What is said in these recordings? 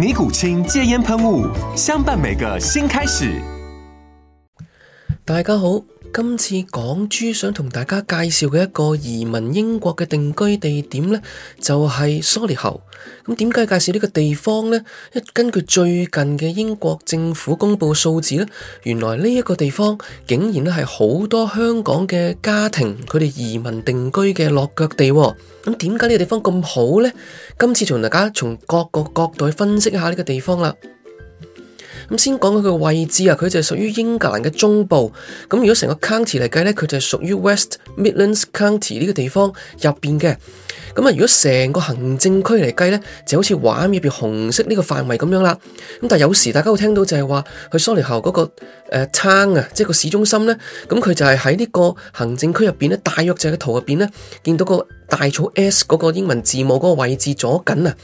尼古清戒煙噴霧，相伴每個新開始。大家好。今次港珠想同大家介紹嘅一個移民英國嘅定居地點呢，就係 Solihull。咁點解介紹呢個地方呢？一根據最近嘅英國政府公布數字呢，原來呢一個地方竟然咧係好多香港嘅家庭佢哋移民定居嘅落腳地。咁點解呢個地方咁好呢？今次同大家從各個角度去分析一下呢個地方啦。咁先講佢個位置啊，佢就係屬於英格蘭嘅中部。咁如果成個 county 嚟計咧，佢就係屬於 West Midlands County 呢個地方入邊嘅。咁啊，如果成個行政區嚟計咧，就好似畫面入面紅色呢個範圍咁樣啦。咁但係有時大家會聽到就係話，去蘇利豪嗰個誒撐啊，即係個市中心咧，咁佢就係喺呢個行政區入邊咧，大約就係個圖入邊咧，見到個。大草 S 嗰個英文字母嗰個位置左近啊，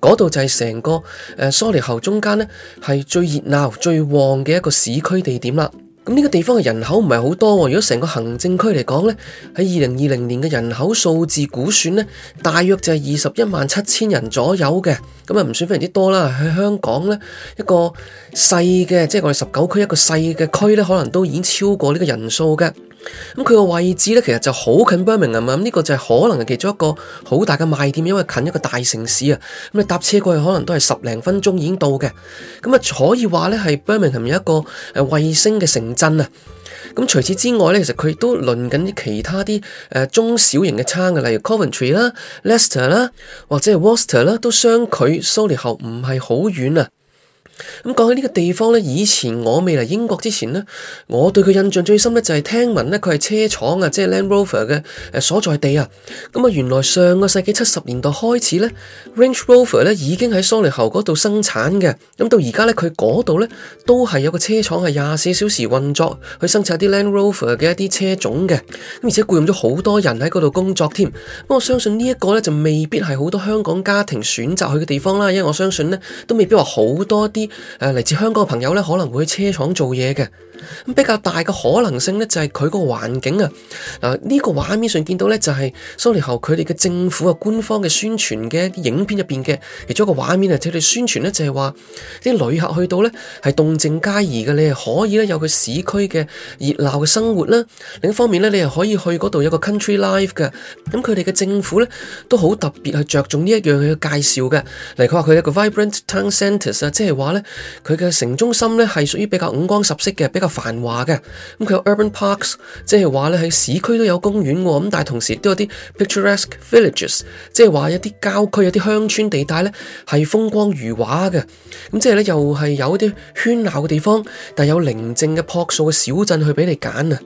嗰度就係成個誒梳尼喉中間咧，係最熱鬧、最旺嘅一個市區地點啦。咁呢個地方嘅人口唔係好多，如果成個行政區嚟講咧，喺二零二零年嘅人口數字估算咧，大約就係二十一萬七千人左右嘅。咁啊，唔算非常之多啦。喺香港呢，一個細嘅，即係我哋十九區一個細嘅區咧，可能都已經超過呢個人數嘅。咁佢個位置咧，其實就好近 Birmingham 啊、嗯！咁、這、呢個就係可能係其中一個好大嘅賣點，因為近一個大城市啊，咁、嗯、你搭車過去可能都係十零分鐘已經到嘅。咁、嗯、啊，可以話咧係 Birmingham 有一個誒衛星嘅城鎮啊。咁、嗯、除此之外咧，其實佢亦都輪緊啲其他啲誒、呃、中小型嘅餐嘅，例如 Coventry 啦、Leicester 啦，或者係 Worcester 啦，都相距 Solihull 唔係好遠啊。咁講起呢個地方呢，以前我未嚟英國之前呢，我對佢印象最深呢，就係聽聞佢係車廠啊，即係 Land Rover 嘅誒，所在地啊。咁啊，原來上個世紀七十年代開始呢 Range Rover 呢已經喺 Solihull 嗰度生產嘅。咁到而家呢佢嗰度呢都係有個車廠係廿四小時運作，去生產一啲 Land Rover 嘅一啲車種嘅。咁而且僱傭咗好多人喺嗰度工作添。咁我相信呢一個呢，就未必係好多香港家庭選擇去嘅地方啦，因為我相信呢都未必話好多啲。誒，嚟自香港嘅朋友咧，可能會去車廠做嘢嘅，咁比較大嘅可能性咧，就係佢個環境啊。嗱，呢個畫面上見到咧、就是，就係 Solihull 佢哋嘅政府啊，官方嘅宣傳嘅影片入邊嘅，其中一個畫面啊，佢哋宣傳咧就係話，啲旅客去到咧係動靜皆宜嘅，你係可以咧有佢市區嘅熱鬧嘅生活啦。另一方面咧，你係可以去嗰度有個 country life 嘅。咁佢哋嘅政府咧都好特別去着重呢一樣嘅介紹嘅。嚟佢話佢有個 vibrant town centre 啊，即係話佢嘅城中心咧，係屬於比較五光十色嘅，比較繁華嘅。咁佢有 urban parks，即係話咧喺市區都有公園。咁但係同時都有啲 picturesque villages，即係話一啲郊區，有一啲鄉村地帶咧係風光如畫嘅。咁即係咧又係有啲喧鬧嘅地方，但係有寧靜嘅朴素嘅小鎮去俾你揀啊！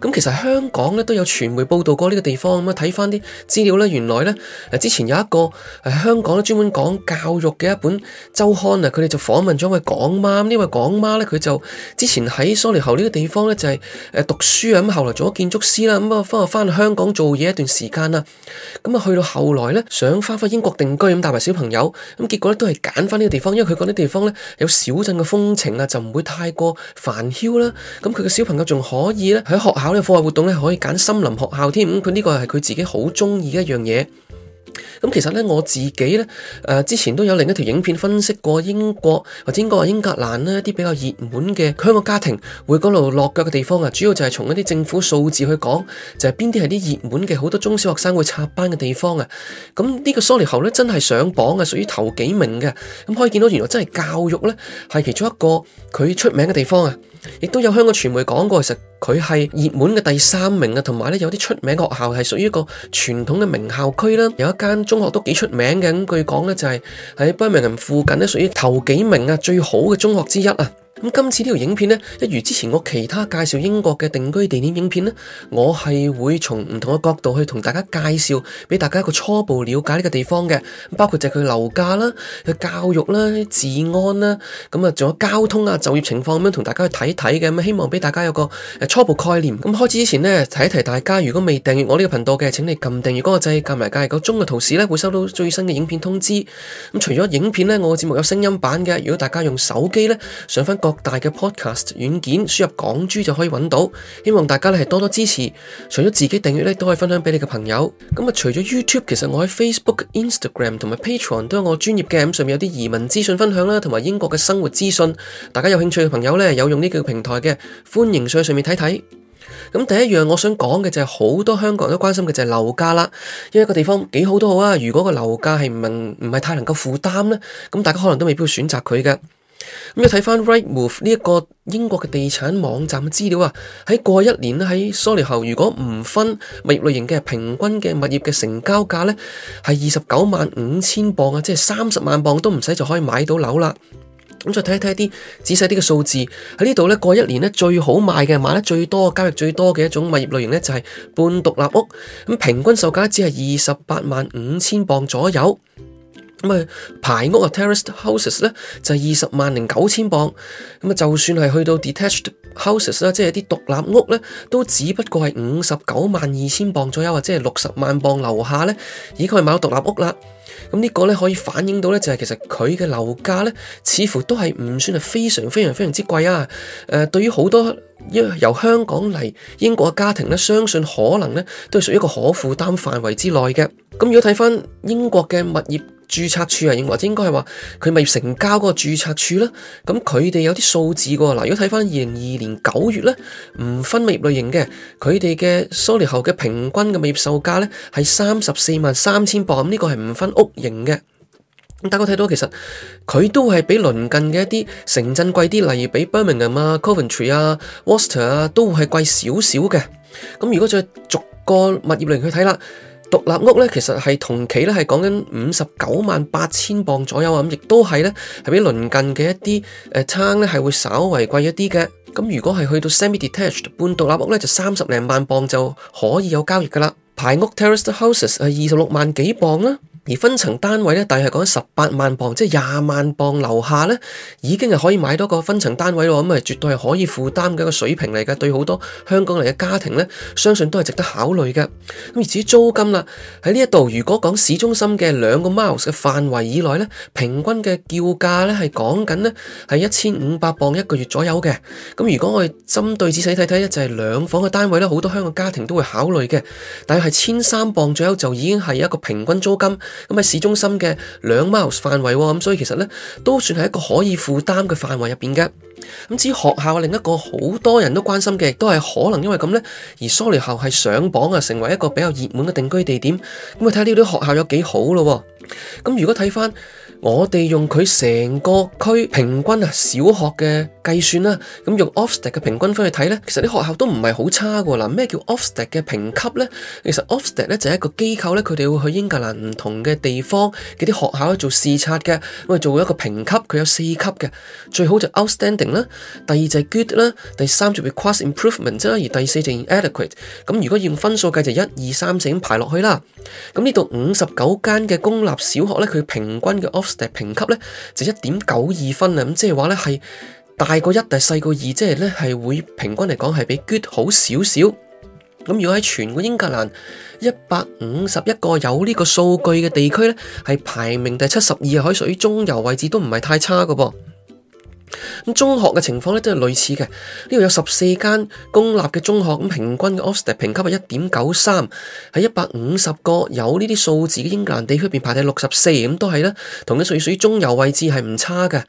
咁其實香港咧都有傳媒報道過呢個地方。咁啊，睇翻啲資料咧，原來咧，誒之前有一個誒香港咧專門講教育嘅一本周刊啊，佢哋就訪問咗位港媽，呢位港媽咧，佢就之前喺 Solihull 呢個地方咧就係誒讀書啊，咁後來做咗建築師啦，咁啊翻返翻香港做嘢一段時間啦，咁啊去到後來咧想翻翻英國定居，咁帶埋小朋友，咁結果咧都係揀翻呢個地方，因為佢嗰啲地方咧有小鎮嘅風情啊，就唔會太過煩囂啦，咁佢嘅小朋友仲可以咧。喺學校呢，課外活動呢，可以揀森林學校添。咁佢呢個係佢自己好中意一樣嘢。咁其實呢，我自己呢，誒之前都有另一條影片分析過英國或者應該話英格蘭呢一啲比較熱門嘅香港家庭會嗰度落腳嘅地方啊。主要就係從一啲政府數字去講，就係邊啲係啲熱門嘅好多中小學生會插班嘅地方啊。咁、這、呢個 Solihull 呢，真係上榜啊，屬於頭幾名嘅。咁可以見到原來真係教育呢係其中一個佢出名嘅地方啊。亦都有香港傳媒講過，其實。佢係熱門嘅第三名啊，同埋咧有啲出名學校係屬於一個傳統嘅名校區啦。有一間中學都幾出名嘅，咁據講咧就係喺伯明翰附近咧，屬於頭幾名啊最好嘅中學之一啊。咁今次呢條影片咧，一如之前我其他介紹英國嘅定居地點影片咧，我係會從唔同嘅角度去同大家介紹，俾大家一個初步了解呢個地方嘅，包括就係佢樓價啦、佢教育啦、治安啦，咁啊仲有交通啊、就業情況咁樣同大家去睇睇嘅，咁希望俾大家有個.初步概念。咁開始之前呢，提一提大家，如果未訂閱我呢個頻道嘅，請你撳訂閱嗰個掣，撳埋隔離個鐘嘅圖示呢，會收到最新嘅影片通知。咁除咗影片呢，我嘅節目有聲音版嘅，如果大家用手機呢，上翻各大嘅 Podcast 軟件，輸入港珠就可以揾到。希望大家呢係多多支持，除咗自己訂閱呢，都可以分享俾你嘅朋友。咁啊，除咗 YouTube，其實我喺 Facebook、Instagram 同埋 Patreon 都有我專業嘅，上面有啲移民資訊分享啦，同埋英國嘅生活資訊。大家有興趣嘅朋友呢，有用呢個平台嘅，歡迎上去上面睇。睇咁，第一樣，我想講嘅就係、是、好多香港人都關心嘅就係樓價啦。因為一個地方幾好都好啊，如果個樓價係唔唔係太能夠負擔呢，咁大家可能都未必會選擇佢嘅。咁又睇翻 Rightmove 呢一個英國嘅地產網站嘅資料啊，喺過一年咧喺 Solihull 如果唔分物業類型嘅平均嘅物業嘅成交價呢，係二十九萬五千磅啊，即係三十萬磅都唔使就可以買到樓啦。咁再睇一睇啲仔細啲嘅數字，喺呢度呢，過一年呢最好賣嘅、賣得最多、交易最多嘅一種物業類型呢，就係半獨立屋，咁平均售價只係二十八萬五千磅左右。咁啊，排屋啊 terraced houses 呢，就係二十萬零九千磅。咁啊，就算係去到 detached houses 啦，即係啲獨立屋呢，都只不過係五十九萬二千磅左右，或者係六十萬磅樓下呢，已經係買到獨立屋啦。咁呢個呢可以反映到呢，就係其實佢嘅樓價呢，似乎都係唔算係非常非常非常之貴啊。誒，對於好多由香港嚟英國嘅家庭呢，相信可能呢都係屬於一個可負擔範圍之內嘅。咁如果睇返英國嘅物業，註冊處啊，應或者應該係話佢咪成交嗰個註冊處咧？咁佢哋有啲數字喎。嗱，如果睇翻二零二年九月咧，唔分物業類型嘅，佢哋嘅 soy 後嘅平均嘅物業售價咧係三十四萬三千磅，咁、這、呢個係唔分屋型嘅。但係我睇到其實佢都係比鄰近嘅一啲城鎮貴啲，例如比 Birmingham 啊、Coventry 啊、Worcester 啊都係貴少少嘅。咁如果再逐個物業嚟去睇啦。獨立屋呢，其實係同期呢係講緊五十九萬八千鎊左右啊，咁亦都係呢，係比鄰近嘅一啲誒呢，咧、呃、係會稍微貴一啲嘅。咁如果係去到 semi-detached 半獨立屋呢，就三十零萬鎊就可以有交易㗎喇。排屋 terraced houses 係二十六萬幾鎊啊。而分層單位大約係講緊十八萬磅，即係廿萬磅樓下呢，已經係可以買到個分層單位咯。咁啊，絕對係可以負擔嘅一個水平嚟嘅。對好多香港嚟嘅家庭呢，相信都係值得考慮嘅。咁而至於租金啦，喺呢一度如果講市中心嘅兩個 miles 嘅範圍以內呢，平均嘅叫價呢係講緊呢係一千五百磅一個月左右嘅。咁如果我哋針對仔細睇睇呢，就係、是、兩房嘅單位呢，好多香港家庭都會考慮嘅。大約係千三磅左右就已經係一個平均租金。咁喺市中心嘅兩 miles 範圍喎，咁所以其實呢都算係一個可以負擔嘅範圍入邊嘅。咁至於學校，另一個好多人都關心嘅，亦都係可能因為咁呢，而 Solihull 係上榜啊，成為一個比較熱門嘅定居地點。咁啊睇呢啲學校有幾好咯。咁如果睇翻。我哋用佢成個區平均啊，小學嘅計算啦，咁用 Ofsted 嘅平均分去睇咧，其實啲學校都唔係好差噶啦。咩叫 Ofsted 嘅評級咧？其實 Ofsted 咧就係一個機構咧，佢哋會去英格蘭唔同嘅地方嘅啲學校咧做視察嘅，咁啊做一個評級，佢有四級嘅，最好就 Outstanding 啦，第二就係 Good 啦，第三就 Requires Improvement 啫，而第四就係 Inadequate。咁如果要用分數計就一二三四咁排落去啦。咁呢度五十九間嘅公立小學咧，佢平均嘅 Of 評級呢，就一點九二分啊，咁即係話呢，係大過一，但係細過二，即係呢，係會平均嚟講係比 good 好少少。咁如果喺全個英格蘭一百五十一個有呢個數據嘅地區呢，係排名第七十二，可以屬於中游位置，都唔係太差嘅噃。中學嘅情況咧都係類似嘅，呢度有十四間公立嘅中學，咁平均嘅 Ofsted 評級係一點九三，喺一百五十個有呢啲數字嘅英格蘭地區邊排第六十四，咁都係啦，同佢屬屬於中游位置係唔差嘅。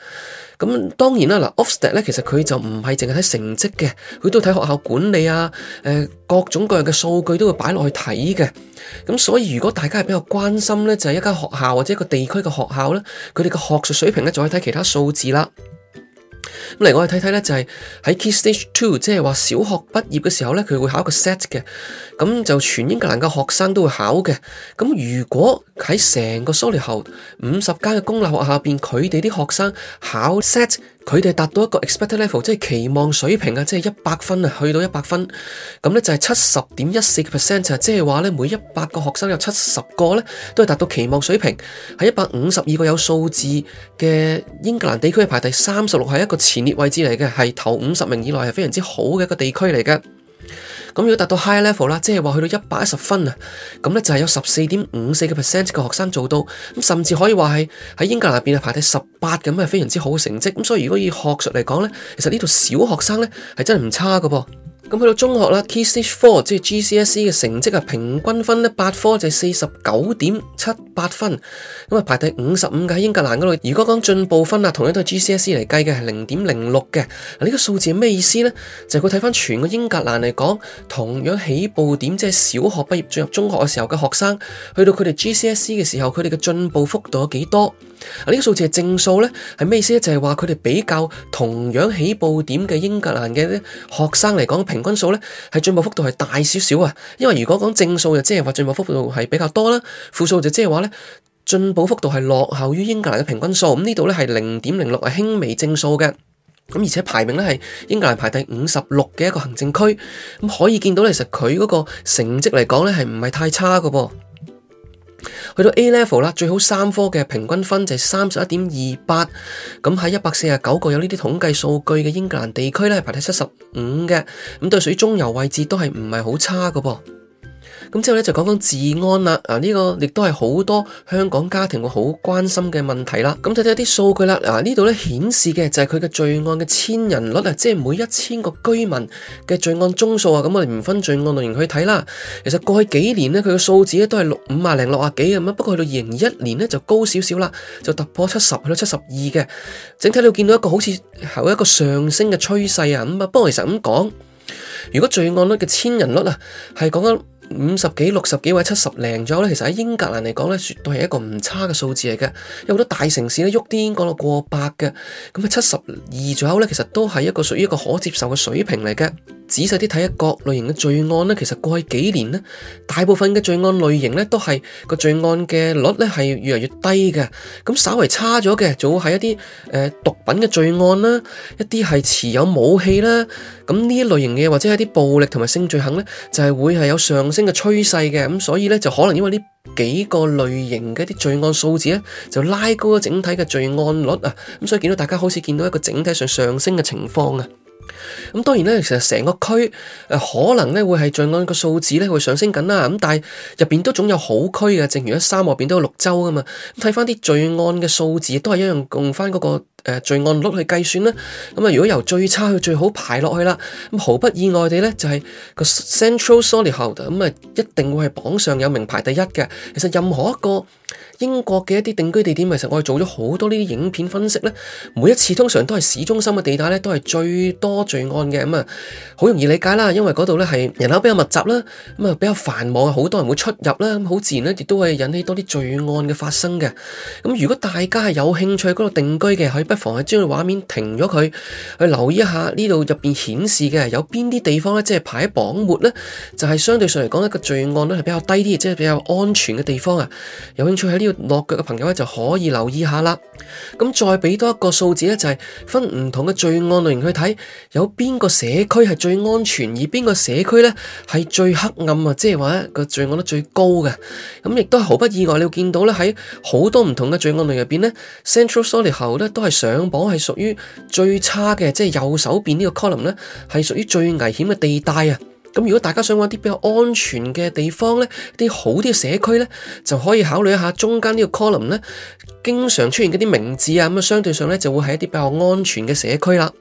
咁當然啦，嗱 Ofsted 其實佢就唔係淨係睇成績嘅，佢都睇學校管理啊，誒，各種各樣嘅數據都會擺落去睇嘅。咁所以如果大家係比較關心呢，就係、是、一間學校或者一個地區嘅學校呢，佢哋嘅學術水平呢，就可以睇其他數字啦。咁嚟我哋睇睇咧，就係喺 Key Stage Two，即係話小學畢業嘅時候咧，佢會考一個 set 嘅，咁就全英格蘭嘅學生都會考嘅。咁如果喺成個 Solihull 五十間嘅公立學校入邊，佢哋啲學生考 set。佢哋達到一個 expected level，即係期望水平啊，即係一百分啊，去到一百分，咁咧就係七十點一四 percent，即係話咧每一百個學生有七十個咧都係達到期望水平，喺一百五十二個有數字嘅英格蘭地區排第三十六，係一個前列位置嚟嘅，係頭五十名以內，係非常之好嘅一個地區嚟嘅。咁如果達到 high level 啦，即係話去到一百一十分啊，咁咧就係有十四點五四個 percent 嘅學生做到，咁甚至可以話係喺英格蘭入邊係排第十八，咁係非常之好嘅成績。咁所以如果以學術嚟講咧，其實呢度小學生咧係真係唔差噶噃。咁去到中學啦，Key Stage Four 即係 GCSE 嘅成績啊，平均分咧八科就係四十九點七八分，咁啊排第五十五嘅喺英格蘭嗰度。如果講進步分啊，同樣都係 GCSE 嚟計嘅係零點零六嘅。嗱，呢個數字係咩意思咧？就係佢睇翻全個英格蘭嚟講，同樣起步點即係小學畢業進入中學嘅時候嘅學生，去到佢哋 GCSE 嘅時候，佢哋嘅進步幅度有幾多？啊，呢個數字係正數咧，係咩意思咧？就係話佢哋比較同樣起步點嘅英格蘭嘅學生嚟講平。平均數咧係進步幅度係大少少啊，因為如果講正數就即係話進步幅度係比較多啦，負數就即係話咧進步幅度係落後於英格蘭嘅平均數。咁呢度咧係零點零六係輕微正數嘅，咁而且排名咧係英格蘭排第五十六嘅一個行政區，咁可以見到咧其實佢嗰個成績嚟講咧係唔係太差噶噃。去到 A level 啦，最好三科嘅平均分就係三十一點二八，咁喺一百四十九個有呢啲統計數據嘅英格蘭地區咧係排喺七十五嘅，咁對水中游位置都係唔係好差㗎噃。咁之後咧就講講治安啦，啊、這、呢個亦都係好多香港家庭會好關心嘅問題啦。咁睇睇一啲數據啦，啊呢度咧顯示嘅就係佢嘅罪案嘅千人率啊，即係每一千個居民嘅罪案宗數啊。咁我哋唔分罪案類型去睇啦。其實過去幾年咧，佢嘅數字咧都係六五啊零六啊幾咁啊。不過去到二零二一年咧就高少少啦，就突破七十去到七十二嘅。整體你見到一個好似有一個上升嘅趨勢啊。咁啊，不過其實咁講，如果罪案率嘅千人率啊係講緊。五十幾、六十幾位、或七十零左右咧，其實喺英格蘭嚟講咧，絕對係一個唔差嘅數字嚟嘅。有好多大城市咧，喐啲講到過百嘅，咁啊七十二左右咧，其實都係一個屬於一個可接受嘅水平嚟嘅。仔細啲睇，各類型嘅罪案咧，其實過去幾年咧，大部分嘅罪案類型咧都係個罪案嘅率咧係越嚟越低嘅。咁稍為差咗嘅，就會係一啲誒毒品嘅罪案啦，一啲係持有武器啦。咁呢一類型嘅或者係啲暴力同埋性罪行咧，就係會係有上升嘅趨勢嘅。咁所以咧，就可能因為呢幾個類型嘅一啲罪案數字咧，就拉高咗整體嘅罪案率啊。咁所以見到大家好似見到一個整體上上升嘅情況啊。咁當然咧，其實成個區誒，可能咧會係罪案個數字咧會上升緊啦。咁但係入邊都總有好區嘅，正如喺沙漠裏邊都有綠洲噶嘛。睇翻啲罪案嘅數字，都係一樣用翻嗰個誒罪案率去計算啦。咁啊，如果由最差去最好排落去啦，咁毫不意外地咧，就係個 Central Solihull 咁啊，一定會係榜上有名排第一嘅。其實任何一個。英國嘅一啲定居地點，其實我哋做咗好多呢啲影片分析呢，每一次通常都係市中心嘅地帶呢都係最多罪案嘅。咁、嗯、啊，好容易理解啦，因為嗰度呢係人口比較密集啦，咁啊，比較繁忙，好多人會出入啦，咁、嗯、好自然呢，亦都會引起多啲罪案嘅發生嘅。咁、嗯、如果大家係有興趣喺嗰度定居嘅，可以不妨係將畫面停咗佢，去留意一下呢度入邊顯示嘅有邊啲地方呢？即、就、係、是、排喺榜末呢，就係、是、相對上嚟講一個罪案呢係比較低啲，即、就、係、是、比較安全嘅地方啊。有興趣喺呢落腳嘅朋友咧就可以留意下啦。咁再俾多一個數字咧，就係分唔同嘅罪案類型去睇，有邊個社區係最安全，而邊個社區咧係最黑暗啊！即係話個罪案率最高嘅。咁亦都毫不意外，你會見到咧喺好多唔同嘅罪案類入邊咧，Central Solihull 咧都係上榜係屬於最差嘅，即係右手邊呢個 column 咧係屬於最危險嘅地帶啊！咁如果大家想揾啲比較安全嘅地方呢，啲好啲嘅社區呢，就可以考慮一下中間呢個 column 呢，經常出現嗰啲名字啊，咁啊，相對上呢，就會係一啲比較安全嘅社區啦。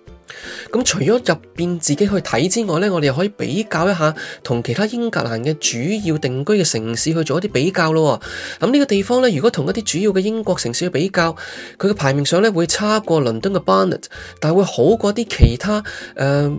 咁除咗入面自己去睇之外呢，我哋又可以比較一下同其他英格蘭嘅主要定居嘅城市去做一啲比較咯。咁呢個地方呢，如果同一啲主要嘅英國城市去比較，佢嘅排名上呢，會差過倫敦嘅 Barnet，但會好過啲其他誒。呃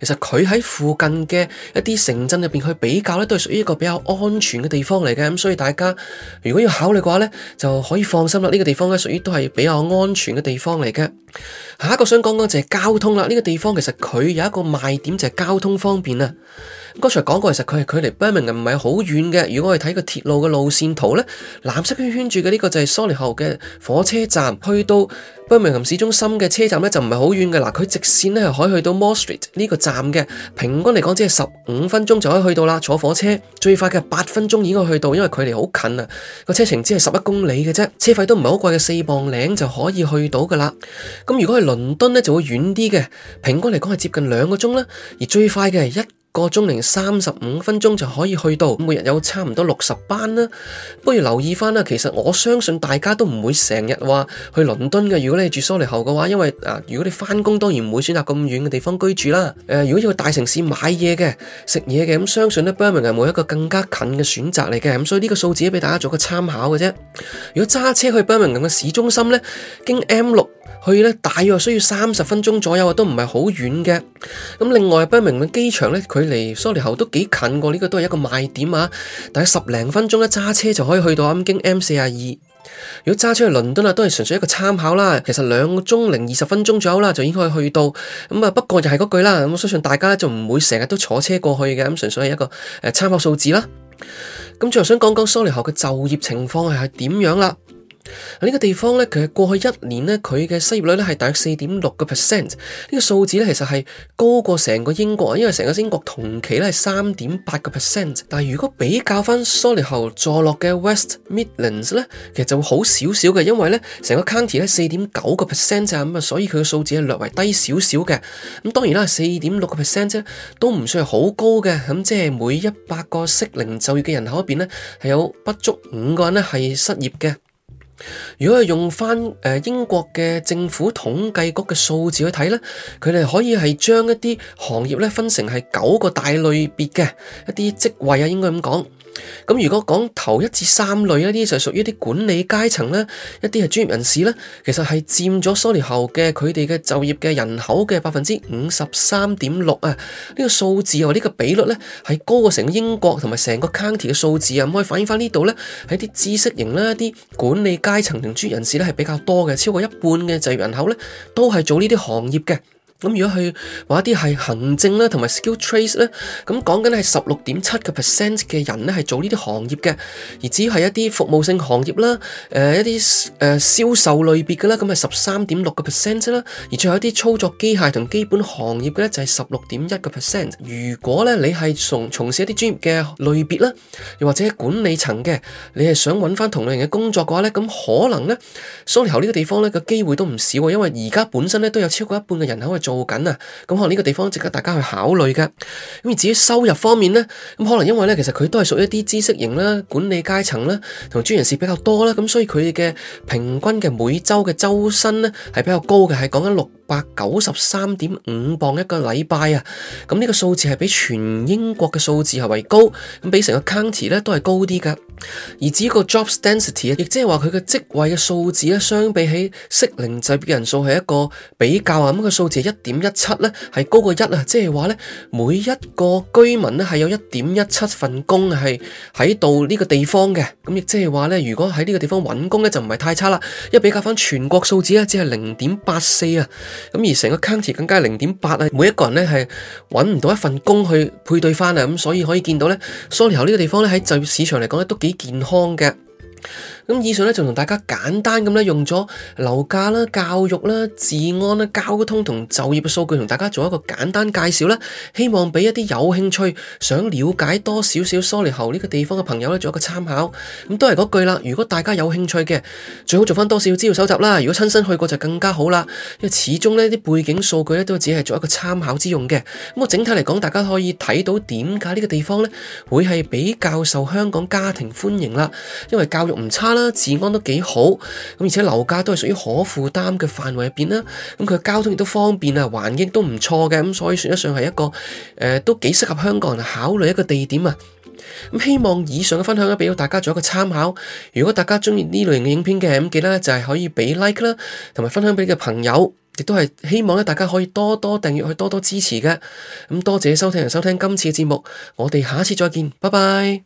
其實佢喺附近嘅一啲城鎮入邊，佢比較呢都係屬於一個比較安全嘅地方嚟嘅，咁所以大家如果要考慮嘅話呢就可以放心啦。呢個地方呢屬於都係比較安全嘅地方嚟嘅。下一個想講講就係交通啦。呢、這個地方其實佢有一個賣點就係交通方便啊。剛才講過，其實佢係距離 b e r m i n g s e y 唔係好遠嘅。如果我哋睇個鐵路嘅路線圖呢，藍色圈圈住嘅呢個就係 Surrey 後嘅火車站，去到 b e r m i n g s e y 市中心嘅車站呢，就唔係好遠嘅。嗱，佢直線呢，又可以去到 m o o Street 呢個站嘅，平均嚟講只係十五分鐘就可以去到啦。坐火車最快嘅八分鐘已經可以去到，因為距離好近啊。個車程只係十一公里嘅啫，車費都唔係好貴嘅，四磅零就可以去到噶啦。咁如果係倫敦咧，就會遠啲嘅，平均嚟講係接近兩個鐘啦。而最快嘅係一個鐘零三十五分鐘就可以去到，每日有差唔多六十班啦。不如留意翻啦。其實我相信大家都唔會成日話去倫敦嘅。如果你住 Solihull 嘅話，因為啊，如果你翻工，當然唔會選擇咁遠嘅地方居住啦。誒、呃，如果要去大城市買嘢嘅、食嘢嘅，咁相信呢 Birmingham 係冇一個更加近嘅選擇嚟嘅。咁所以呢個數字俾大家做個參考嘅啫。如果揸車去 Birmingham 嘅市中心咧，經 M 六去呢，大約需要三十分鐘左右，都唔係好遠嘅。咁另外，伯明翰嘅機場呢，距離 Solihull 都幾近喎呢，這個都係一個賣點啊。但係十零分鐘一揸車就可以去到。咁經 M42，如果揸車去倫敦啊，都係純粹一個參考啦。其實兩個鐘零二十分鐘左右啦，就應該去到。咁啊，不過就係嗰句啦。咁相信大家就唔會成日都坐車過去嘅。咁純粹係一個誒參考數字啦。咁最後想講講 Solihull 嘅就業情況係點樣啦。呢個地方呢，其實過去一年呢，佢嘅失業率呢係大約四點六個 percent。呢個數字呢，其實係高過成個英國啊，因為成個英國同期呢係三點八個 percent。但係如果比較翻 Solly 侯坐落嘅 West Midlands 呢，其實就會好少少嘅，因為呢成個 county 呢四點九個 percent 啊，咁啊，所以佢嘅數字係略為低少少嘅。咁當然啦，四點六個 percent 啫，都唔算係好高嘅。咁即係每一百個適齡就業嘅人口入邊呢，係有不足五個人呢係失業嘅。如果係用翻誒英國嘅政府統計局嘅數字去睇咧，佢哋可以係將一啲行業咧分成係九個大類別嘅一啲職位啊，應該咁講。咁如果講頭一至三類呢啲就係屬於啲管理階層啦，一啲係專業人士啦。其實係佔咗 Solihull 嘅佢哋嘅就業嘅人口嘅百分之五十三點六啊！呢個數字啊，呢個比率咧係高過成英國同埋成個 county 嘅數字啊，咁可以反映翻呢度咧，喺啲知識型啦、啲管理階層同專業人士咧係比較多嘅，超過一半嘅就業人口咧都係做呢啲行業嘅。咁如果去話一啲係行政啦同埋 skill trades 咧，咁講緊咧係十六點七個 percent 嘅人咧係做呢啲行業嘅，而只係一啲服務性行業啦，誒、呃、一啲誒、呃、銷售類別嘅啦，咁係十三點六個 percent 啦，而最後一啲操作機械同基本行業嘅咧就係十六點一個 percent。如果咧你係從從事一啲專業嘅類別啦，又或者管理層嘅，你係想揾翻同類型嘅工作嘅話咧，咁可能咧 Solihull 呢個地方咧個機會都唔少喎，因為而家本身咧都有超過一半嘅人口係做。做緊啊，咁可能呢個地方值得大家去考慮㗎。咁至於收入方面呢，咁可能因為咧，其實佢都係屬於一啲知識型啦、管理階層啦同專業人士比較多啦，咁所以佢嘅平均嘅每週嘅周薪咧係比較高嘅，係講緊六百九十三點五鎊一個禮拜啊。咁、這、呢個數字係比全英國嘅數字係為高，咁比成個 county 咧都係高啲㗎。而至於個 job density 啊，亦即係話佢嘅職位嘅數字咧，相比起適齡就業嘅人數係一個比較啊，咁個數字一點一七咧，係高過一啊，即係話咧每一個居民咧係有一點一七份工係喺度呢個地方嘅，咁亦即係話咧，如果喺呢個地方揾工咧就唔係太差啦，因為比較翻全國數字咧只係零點八四啊，咁而成個 county 更加係零點八啊，每一個人咧係揾唔到一份工去配對翻啊，咁所以可以見到咧，Solihull 呢個地方咧喺就業市場嚟講咧都幾健康嘅。咁以上咧就同大家簡單咁咧用咗樓價啦、教育啦、治安啦、交通同就業嘅數據，同大家做一個簡單介紹啦。希望俾一啲有興趣想了解多少少 Solihull 呢個地方嘅朋友咧，做一個參考。咁都係嗰句啦，如果大家有興趣嘅，最好做翻多少少資料搜集啦。如果親身去過就更加好啦，因為始終呢啲背景數據咧都只係做一個參考之用嘅。咁我整體嚟講，大家可以睇到點解呢個地方咧會係比較受香港家庭歡迎啦，因為教育唔差啦，治安都幾好，咁而且樓價都係屬於可負擔嘅範圍入邊啦，咁佢交通亦都方便啊，環境都唔錯嘅，咁所以算得上係一個誒、呃，都幾適合香港人考慮一個地點啊！咁希望以上嘅分享咧，俾到大家做一個參考。如果大家鍾意呢類型嘅影片嘅，咁記得就係可以俾 like 啦，同埋分享俾你嘅朋友，亦都係希望咧，大家可以多多訂閱去多多支持嘅。咁多謝收聽同收聽今次嘅節目，我哋下次再見，拜拜。